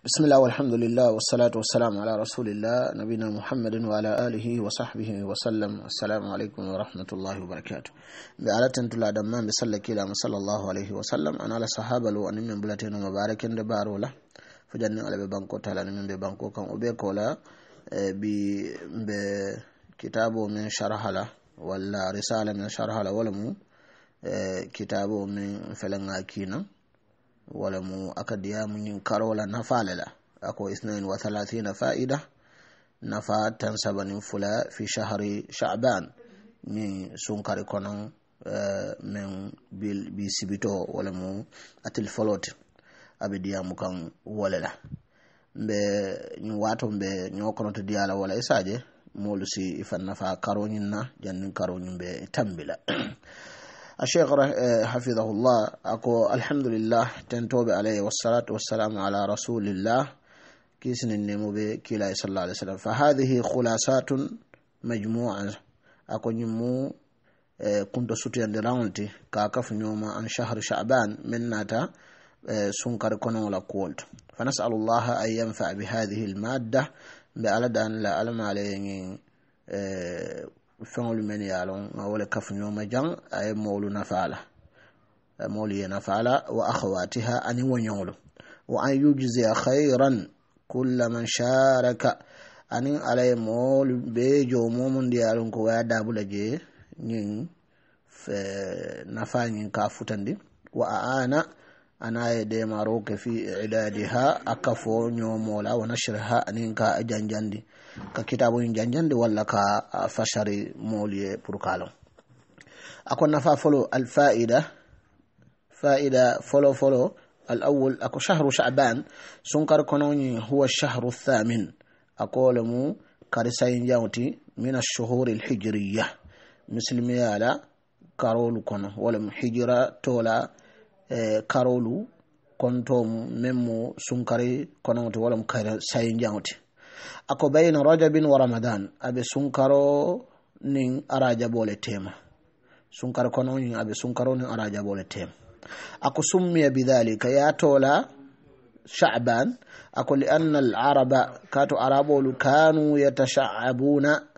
bismillah walhamdulillah wassalatu wassalamu ala rasulillah nabina muhammadin wa ala alihi wa sahbihi wa sallam assalamu alaikum wa rahmatullahi wa barakatuh bi alatan tula da alaihi wa sallam an ala sahaba lo mubarakin da barola fujannin alabe banko obe kola eh, bi kitabo min sharhala wala risala min sharhala wala mu eh, kitabo wala mu akadiya mun karola nafala la ako isnain wa thalathina fa'ida nafa tan sabanin fula fi shahari sha'ban ni sunkari konon eh, min bi sibito wala mu atil folot abe diyamu kan wala la mbe ñu wato mbe ñoo konoto diyala wala isaje molu si ifan nafa karoñin na jannin karoñin be tambila الشيخ آه، حفظه الله أقول الحمد لله تنتوب عليه والصلاة والسلام على رسول الله كيسن النمو بكلا صلى الله عليه وسلم فهذه خلاصات مجموعة أقول نمو آه، كنت سوتي عند راونتي كاكف نيوما عن شهر شعبان من ناتا آه، سنكر كونو كولت فنسأل الله أن ينفع بهذه المادة بألد أن لا ألم عليه feŋolu men ye a loŋ wo le kafuñoma jaŋ a ye moolu nafa la moolu ye nafa la wa akhawatiha aniŋ wo ñoŋolu wa an yujzia khayran kulla man sharaka aniŋ ala ye moolu bee jo momundi ye a loŋ ko waya daabu la je ñiŋ nafa ñiŋ ka futandi wa aana ana de maro ke fi idadiha akafo nyomola wa nashriha anin ka janjandi ka kitabu janjandi walla ka fashari moliye purkalo ako nafa folo al fa'ida fa'ida folo folo al awwal ako shahru sha'ban sunkar kononi huwa shahru thamin akole mu karisayin jawti min ash-shuhur al-hijriyya muslimiyala karolu kono wala hijra tola Eh, karolu konto men sunkari konoŋote wala mo kayra sayinjaŋote ako bayna rajabin wa ramadan aɓe sunkaro nin bole tema sunkar kono nin abe sunkaro nin bole tema ako summiya bidhalika yatola shaban ako li anna al araba kato arabolu kanu yatasha'abuna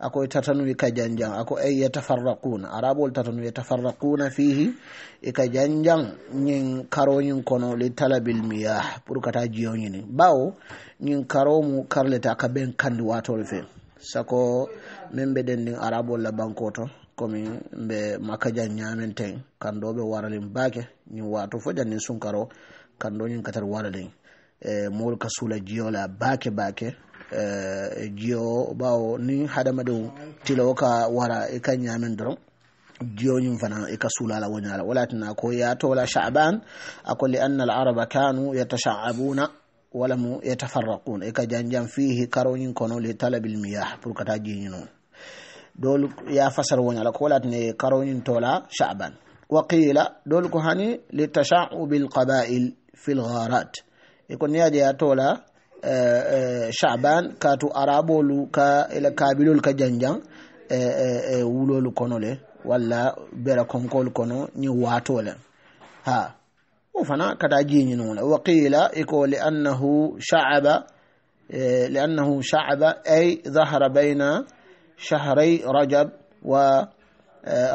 ako itatanu ika janjang ako ay yatafarraquna arabo tatanu yatafarraquna fihi ika janjang nyin karo nyin kono li talabil miyah pur kata jiyo nyini bawo nyin karo mu karleta ka ben kandi watol fe sako membe be den arabo la bankoto komi be makaja nyamen ten kando be waralim bake nyin wato fo jannin sun karo kando nyin katar waralim e eh, mol kasula jiyo la bake bake Eh, jiyo bawo ni hadamadenw tilo ka wara ikan e e ka dron jiyo yin fana ika sula la wani ala wala tana ko ya tola sha'ban akwai li'anna al'araba kanu ya e ta wala mu ya ta farraƙun ka janjan fihi karoyin kono le talabil miya furkata jiyin dolu ya fasar wani ala ko wala tana karoyin tola sha'ban wakila dolu ko hani le ta bil qaba'il fil gharat ikon ya tola Eh, eh, shaban katu arabolu ka ila kabilolu ka janjan eh, wulolu kono le walla bera konkolu kono ñi waato le ha wo fana kata taa le waqila i ko liannahu shaaba liannahu shaaba ay zahara baina shahray rajab wa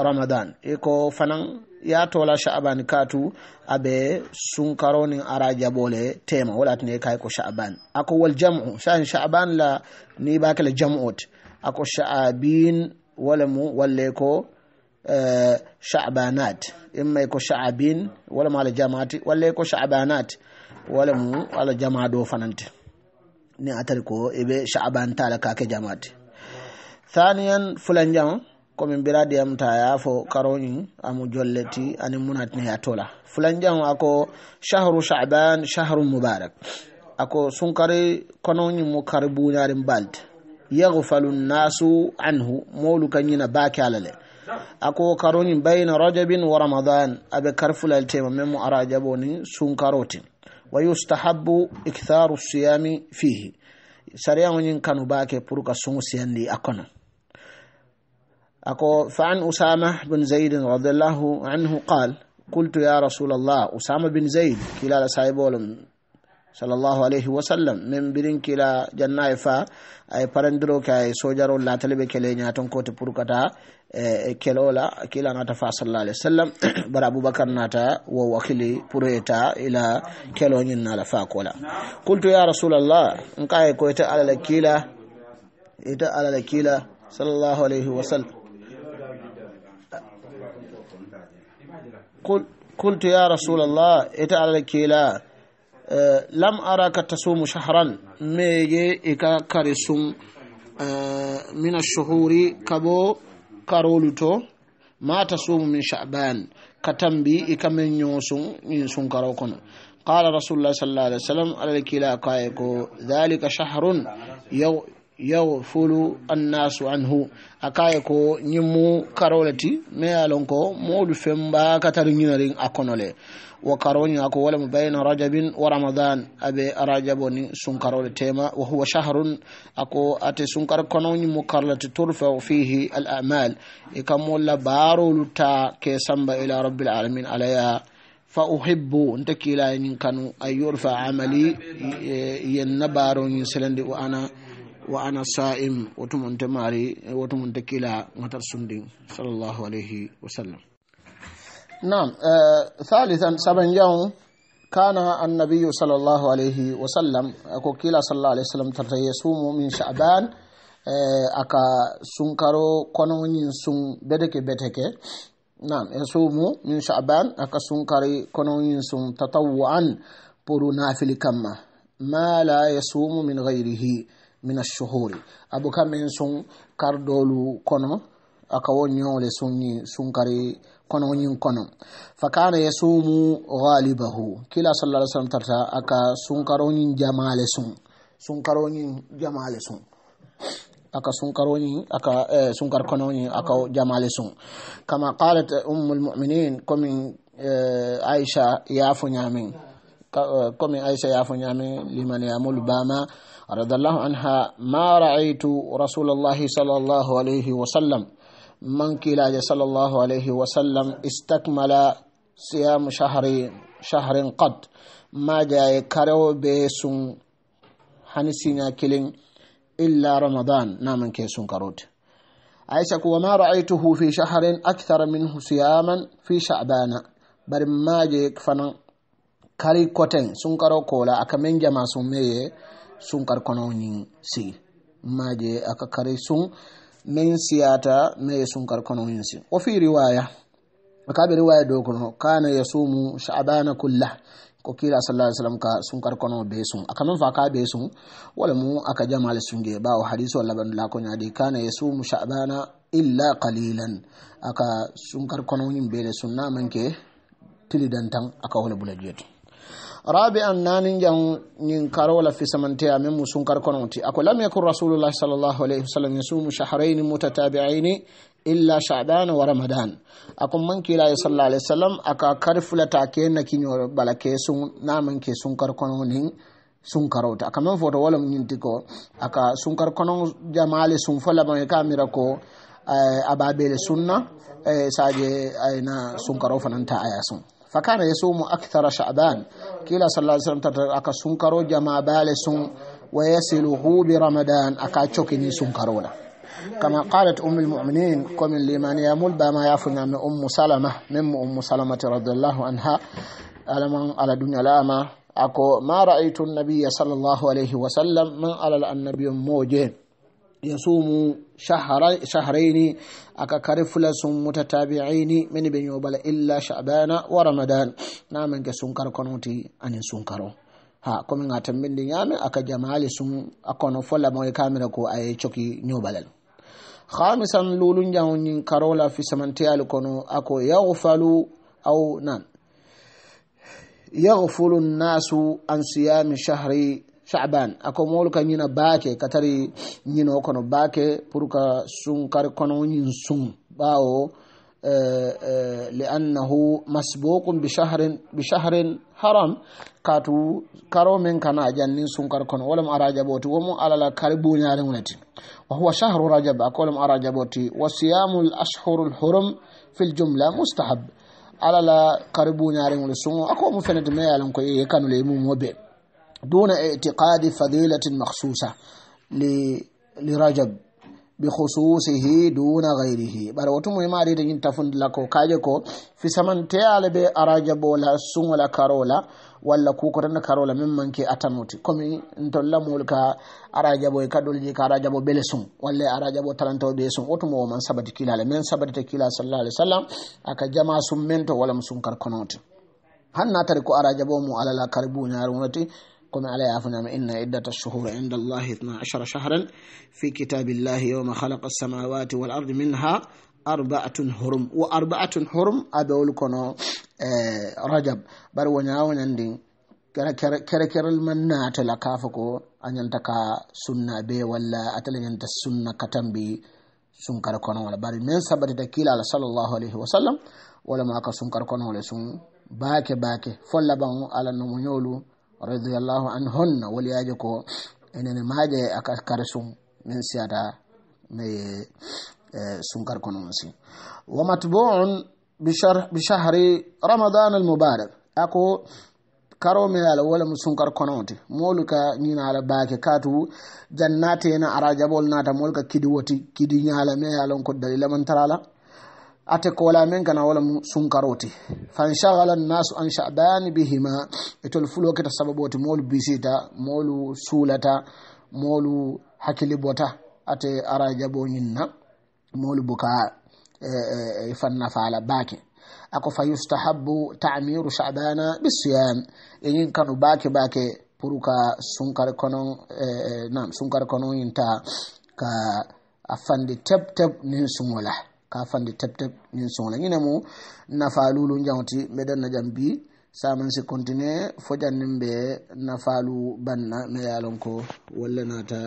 ramadan i fanaŋ ya tola sha'aban katu abe sun ni ara jabole tema wala tine kai ko sha'aban ako wal jam'u shan sha'aban la ni ba kala jam'ut ako sha'abin wala mu wala ko eh, sha'abanat imma ko sha'abin wala mala jama'ati wala ko sha'abanat wala mu wala jama'a do fanante ni atari ko ibe sha'ban tala ka ke jama'ati thaniyan fulan jama'a komin biraɗi am ta yafo karoñin amo jolleti ani munatine a tola fulanjan ako chahru chaban chahru mubarak ako sunkari konoñin mo kari buñarin balde yahfalu nnasu anhu molu kañina baake alale ako karoñin bayna rajabin wa ramadan aɓe kar fulaltema men mo ara wa yustahabu iktharu siyami fihi sariyaoñin kanu baake pour sungu siyandi a أكو فعن أسامة بن زيد رضي الله عنه قال قلت يا رسول الله أسامة بن زيد كلا سايبولم صلى الله عليه وسلم من برين كلا جنة فا أي برندرو كاي سوجارو لا تلبي كلي ناتون كوت بوركتا كيلولا كلا نتفا صلى الله عليه وسلم بر أبو بكر ناتا ووكلي بوريتا إلى كيلو نينا لفاكولا قلت يا رسول الله إنكاي كويتا على الكيلا إتا على الكيلا صلى الله عليه وسلم قلت يا رسول الله اتعالى كيلا آه، لم أراك تصوم شهرا ميجي إكا كارسوم آه، من الشهور كبو كارولتو ما تصوم من شعبان كتنبي إكا من يوسون ينسون كاروكونا قال رسول الله صلى الله عليه وسلم على الكلا كايكو ذلك شهر yawfulu annasu anhu akaye ko ñimmu karoleti me alon ko moolu femba katari ñinarin a konole wo karoña ko walamo bayna rajabin wa ramadan aɓe rajabo ni sunkarole tema wa huwa shahrun ako ate sunkar kono ñimmu karlati turfau fihi al amal e kammolla baarolu ta ke samba ila rabbil alamin alaya fa uhibbu nte kiilaye ñin kanu ay yurfa amali e, yen na baaro ñin selandi o ana wa ana sa'im woto mon te maari woto mon te kila matar sundin sallllahu alayhi wa sallam nam thalithan saban jaw kana annabiyu sallllahu alayhi wa sallam ko kila sallah alayhi wa sallam tarta yesumu min chaban aka sunkaro konoñin sun bedeke beteke nam yesumu min chaban aka sunkari konoñin sun tatawu'an pour nafili kamma ma la yasumu min gayrihi mina shuhuri abu kamen sun kar dolu kono aka wo ñoole sunkari kono ñin kono fakana kana yasumu ghalibahu kila sallallahu alaihi wasallam tarta aka sunkaroñin jamale sun sunkaroñin jamale sun aka sunkaroñi aka eh, sunkar konoñi aka jamale sun kama qalat ummul mu'minin komin eh, aisha yafo ñamin eh, komin aisha yafo ñamin liman yamul bama radallahu anha ma ra'aytu rasulullahi sallallahu alaihi wa sallam man kila istakmala siyam shahri shahrin qad ma jaa yakaru bi hanisina kilin illa ramadan naman ke sun karot aisha ku ma ra'aytuhu fi shahrin akthar minhu siyaman fi sha'ban bar ma jaa kfanan kari koten sun karo kola akamen jama sun meye sun karkonoyin si maje aka kare sun min siyata me sun karkonoyin si wa fi riwaya aka bi riwaya do ya kana yasumu na kullah ko kira sallallahu alaihi wasallam ka sun karkono be sun aka min fa ka be sun wala mu aka jamal sun je ba hadisu wala ban la ko ya kana yasumu sha'bana illa qalilan aka sun karkono yin be sunna manke tilidan tan aka wala bulajet rabi an nani jan nin karola fi samanteya min mu sunkar konoti ako lam yakun rasulullah sallallahu alaihi wasallam yasumu shahrayn mutatabi'ain illa sha'ban wa ramadan ako man kila ya sallallahu alaihi wasallam aka karfula ta na kinyo balake sun na man ke sunkar kononin sunkarota aka man foto wala nyinti ko aka sunkar konon jama'ale sun fala ban ka mira ababele sunna eh, saje eh, na sunkaro fananta aya sun فكان يصوم أكثر شعبان كلا صلى الله عليه وسلم أكا سنكرو جما بالسون ويسله برمضان أكا تشوكني سنكرونا كما قالت أم المؤمنين كم لمن يمول بما يفنى من أم سلمة من أم سلمة رضي الله عنها على الدنيا لاما أكو ما رأيت النبي صلى الله عليه وسلم من على النبي موجين yasumu shahraini akakare fula sun min bin illa sha'bana wa ramadan na ke sun kar kono ti anin sun ha ko min min din yami aka akono fola mai kamera ko ayi choki nyobalal khamisan lulun jahun karola fi samantiyal kono ako yaghfalu aw nan yaghfulu nasu an siyami shahri shaban ako moolu ka ñina baake ka tari ñinoo kono baake pour ka sunkar kono ñin sun ɓaawo eh, eh, liannahu masbuqun bishahrin bishahrin haram katu karo men kana jannin sunkar kono walam a rajaboti womo alala kari buñare ŋunati wa huwa shahru rajab ako walam a wa siyamu l ashhuru lhurum fi mustahab alala kari buñare ŋule suŋo ako mu me yalan ko ye kanule mumo be دون اعتقاد فضيلة مخصوصة لرجب بخصوصه دون غيره بل وتم ما اريد ان تفند لكو كاجكو في سمن تيال بي أراجب ولا سون ولا كارولا ولا كوكرن كارولا ممن كي أتنوتي كمي انتو لمولكا أراجب يكادول جيكا أراجب بلسون ولا اراجب تلانتو بيسون وتو مهم من سبت كلا من سبت كلا صلى الله عليه وسلم أكا جما سمنتو ولا مسون كاركونوتي هن ناتركو أراجبو مو على لا كاربو نارونتي كنا على عفنا ما إن عدة الشهور عند الله 12 شهرا في كتاب الله يوم خلق السماوات والأرض منها أربعة هرم وأربعة هرم أبول كنو آه، رجب بل ونعو نندين كرا كرا المناة لكافكو أن ينتقى سنة بي ولا أتل ينتى سنة كتن بي سنكر كنو ولا بل من سبب تكيل على صلى الله عليه وسلم ولا ما أكا سنكر كنو ولا سن باكي باكي فلا على نمو يولو radiyallahu anhunna waliyaji ko enene maje akakare sum min siyata maye e, sunkar kono mon si wa matbu'un bi shahri ramadan al mubarak ako karo me ala wala mu sunkar kononte molu ka ñina ala baake katu jannate na arajabol nata molu ka kidi woti kidi ñala me ala ko dalila man tarala ate kolamen kana wala mu sunkaroti fanshagala nnasu an shabani bihima etol fuloketa sababoti molu bisita molu sulata molu hakili bota ate ara jaboñinna molu buka e, e, e fanna fala baake ako fa yustahabu tamiru shabana bisiyam eñin kanu baake baake pour ka sunkar konon e, nam sunkar konon yinta ka afandi teb teb nin sugola ka fande tepteb min sohla ina mo nafa lulu jawti mbeɗen na jam bi saman si continue fojannin ɓe nafalu banna mi yalon ko walla nata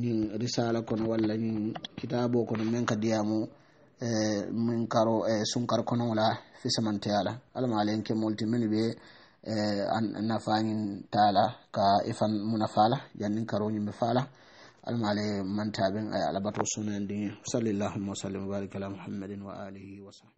min risala kono walla min kitabo kono min kadiyamo e, min karo e sunkar kono wala fi samante ala alama alen ke molti min be e, nafanin tala ka ifan munafala jannin karo nyimbe fala المعلي من تابع على بطر السنن دي صلى اللهم وسلم وبارك على محمد وآله وصحبه